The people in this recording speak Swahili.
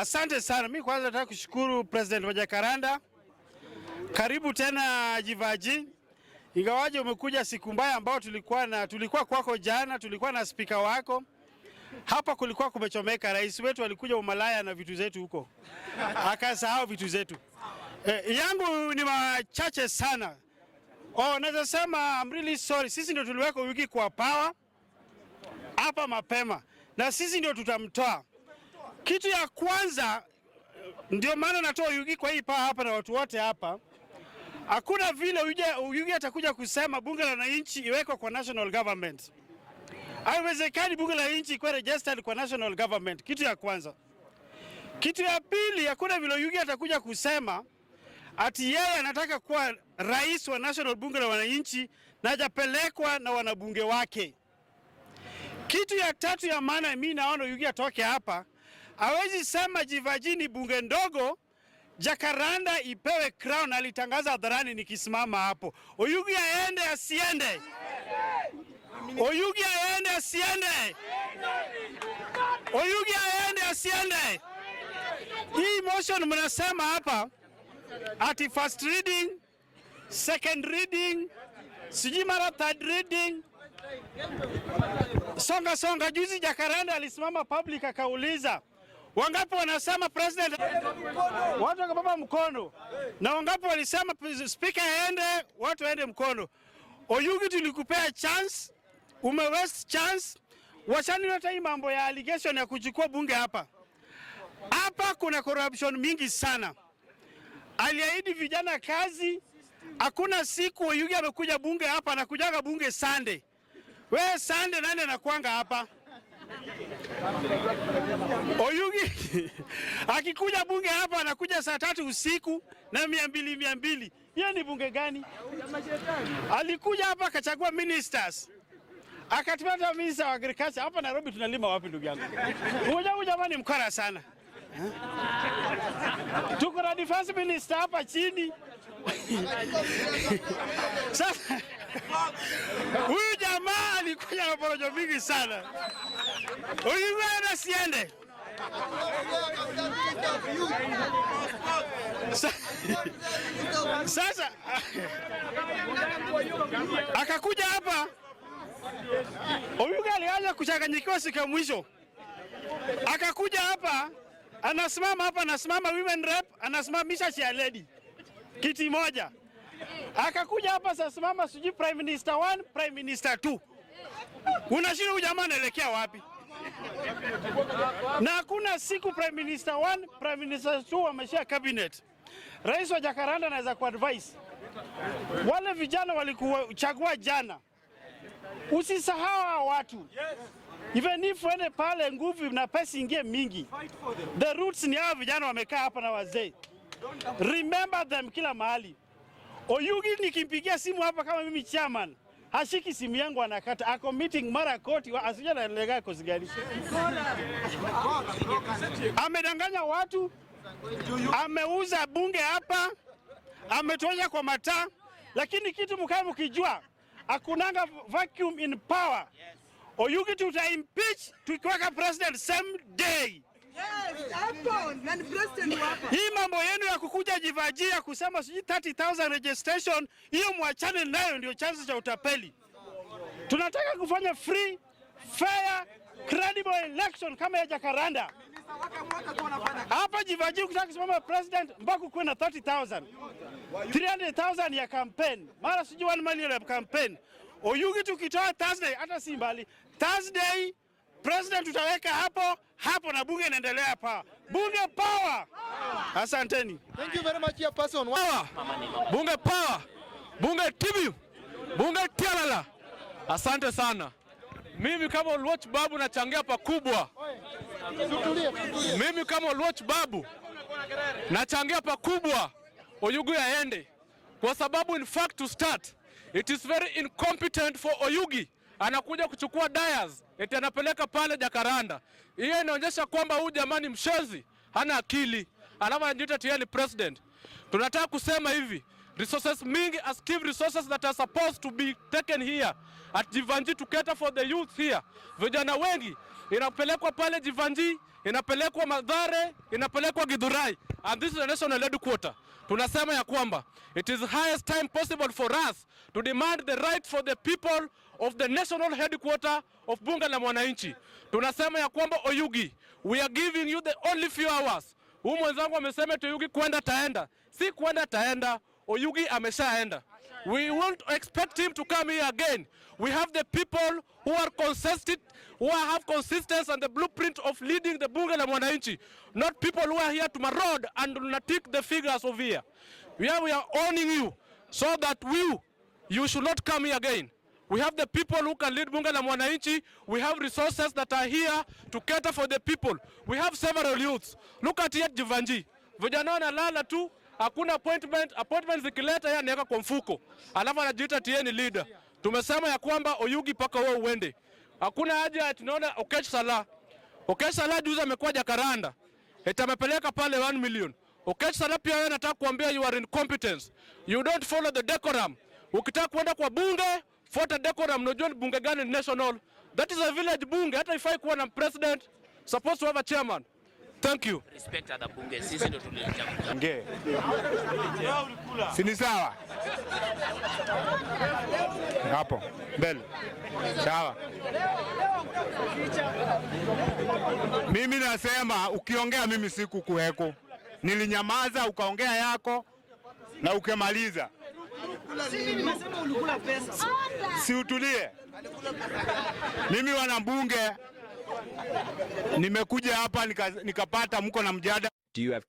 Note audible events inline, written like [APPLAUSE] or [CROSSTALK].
Asante sana. Mimi kwanza nataka kushukuru President Wajakaranda, karibu tena Jivaji, ingawaje umekuja siku mbaya ambao tulikuwa na tulikuwa kwako jana, tulikuwa na spika wako hapa. Kulikuwa kumechomeka, rais wetu alikuja umalaya na vitu zetu huko akasahau vitu zetu. E, yangu ni machache sana. Oh, naweza sema I'm really sorry. Sisi ndio tuliweka wiki kwa power hapa mapema na sisi ndio tutamtoa kitu ya kwanza ndio maana natoa Yugi kwa hii paa hapa na watu wote hapa. Hakuna vile Yugi atakuja kusema bunge la wananchi iwekwe kwa national government. Haiwezekani bunge la nchi ikuwe registered kwa national government. Kitu ya kwanza. Kitu ya pili, hakuna vile Yugi atakuja kusema ati yeye anataka kuwa rais wa national bunge la wananchi na hajapelekwa na wanabunge wake. Kitu ya tatu ya maana mimi naona Yugi atoke hapa Awezi sema jivajini bunge ndogo Jakaranda ipewe crown, alitangaza hadharani nikisimama hapo. Oyugi aende asiende? Oyugi aende asiende? Oyugi aende asiende? Hii motion mnasema hapa ati first reading, second reading, sijui mara third reading songa songa. Juzi Jakaranda alisimama public akauliza Wangapi wanasema president, watu wakabeba mkono, na wangapi walisema spika aende, watu waende mkono. Oyugi, tulikupea chance, ume waste chance. Wachani yote hii mambo ya allegation ya kuchukua bunge hapa hapa, kuna corruption mingi sana. Aliahidi vijana kazi, hakuna siku Oyugi amekuja bunge hapa, anakujaga bunge Sunday. We Sunday nani anakuanga hapa? Oyugi [LAUGHS] akikuja bunge hapa anakuja saa tatu usiku na mia mbili mia mbili. Hiyo ni bunge gani? Alikuja hapa akachagua ministers akatupata minister wa agriculture hapa Nairobi, tunalima wapi ndugu yangu? Huyu jamani mkora sana [LAUGHS] tuko na defense minister hapa chini [LAUGHS] sasa jamaa alikuja na porojo mingi sana, ulienda siende sasa akakuja hapa Oyuga alianza kuchanganyikiwa siku ya mwisho, akakuja hapa anasimama hapa, anasimama women rep, anasimamisha lady. kiti moja Akakuja hapa sasimama, sijui prime minister 1 prime minister 2. Unashinda huyu jamaa anaelekea wapi? na hakuna siku prime minister 1 prime minister 2 wameshia cabinet. Rais wa Jakaranda anaweza kuadvise wale vijana walikuchagua jana, usisahau hawa watu. Even if uende pale nguvu na pesa ingie mingi, the roots ni hawa vijana wamekaa hapa na wazee. Remember them kila mahali. Oyugi nikimpigia simu hapa kama mimi chairman hashiki simu yangu, anakata ako meeting mara koti asija nalega kuziganisha. Amedanganya watu, ameuza bunge hapa, ametoja kwa mataa. Lakini kitu mkae mkijua, akunanga vacuum in power. Oyugi tuta impeach tukiweka president same day. Yes, hii Mnaojivajia kusema sijui 30000 registration, hiyo mwachane nayo, ndio chanzo cha utapeli. Tunataka kufanya free fair credible election kama ya Jakaranda. Hapa jivajia kutaka kusimama president mpaka kuwe na 30000 300,000 ya campaign, mara sijui 1 million ya campaign. Oyugi tukitoa Thursday, hata si mbali Thursday president utaweka hapo hapo, na bunge inaendelea pa bunge power Asanteni. Thank you very much, your person. Power. Bunge power. Bunge TV. Bunge tialala. Asante sana. Mimi kama Watch Babu nachangia pakubwa. Mimi kama Watch Babu nachangia pakubwa Oyugu yaende kwa sababu in fact to start it is very incompetent for Oyugi anakuja kuchukua Dias eti anapeleka pale Jakaranda. Hiyo inaonyesha kwamba huyu jamani mshenzi hana akili alama anajiita ni president. Tunataka kusema hivi resources mingi as key resources that are supposed to be taken here at Jivanji to cater for the youth here. Vijana wengi inapelekwa pale Jivanji, inapelekwa Madhare, inapelekwa Githurai and this is a national headquarter. Tunasema ya kwamba it is highest time possible for us to demand the right for the people of the national headquarter of Bunge la Mwananchi. Tunasema ya kwamba Oyugi, we are giving you the only few hours Huyu mwenzangu amesema eti Oyugi kwenda taenda, si kwenda taenda. Oyugi ameshaenda. We won't expect him to come here again. We have the people who are consistent, who have consistency and the blueprint of leading the bunge la mwananchi, not people who are here to maraud and lunatic the figures of here. We we are warning you so that we, you should not come here again. We have the people who can lead Bunge la Mwananchi. We have resources that are here to cater for the people. We have several youths. Look at yet Jivanji. Vijana wanalala tu, hakuna appointment, appointment zikileta yeye anaweka kwa mfuko. Alafu anajiita tie ni leader. Tumesema ya kwamba Oyugi paka wewe uende. Hakuna haja tunaona Okech Sala. Okech Sala juzi amekuwa Jakaranda. Eti amepeleka pale 1 million. Okech Sala pia yeye anataka kuambia you are incompetent. You don't follow the decorum. Ukitaka kwenda kwa bunge Fort Decorum, unajua ni bunge gani? National. That is a village bunge, hata ifai kuwa na president, supposed to have a chairman. Thank you. Respect other bunge, sisi ndo tulichagua. Nge. Sini sawa. Hapo. Mbele. Sawa. Mimi nasema ukiongea mimi siku kuweko. Nilinyamaza ukaongea yako na ukemaliza Si utulie. Mimi mbunge nimekuja hapa nikapata nika mko na mjadala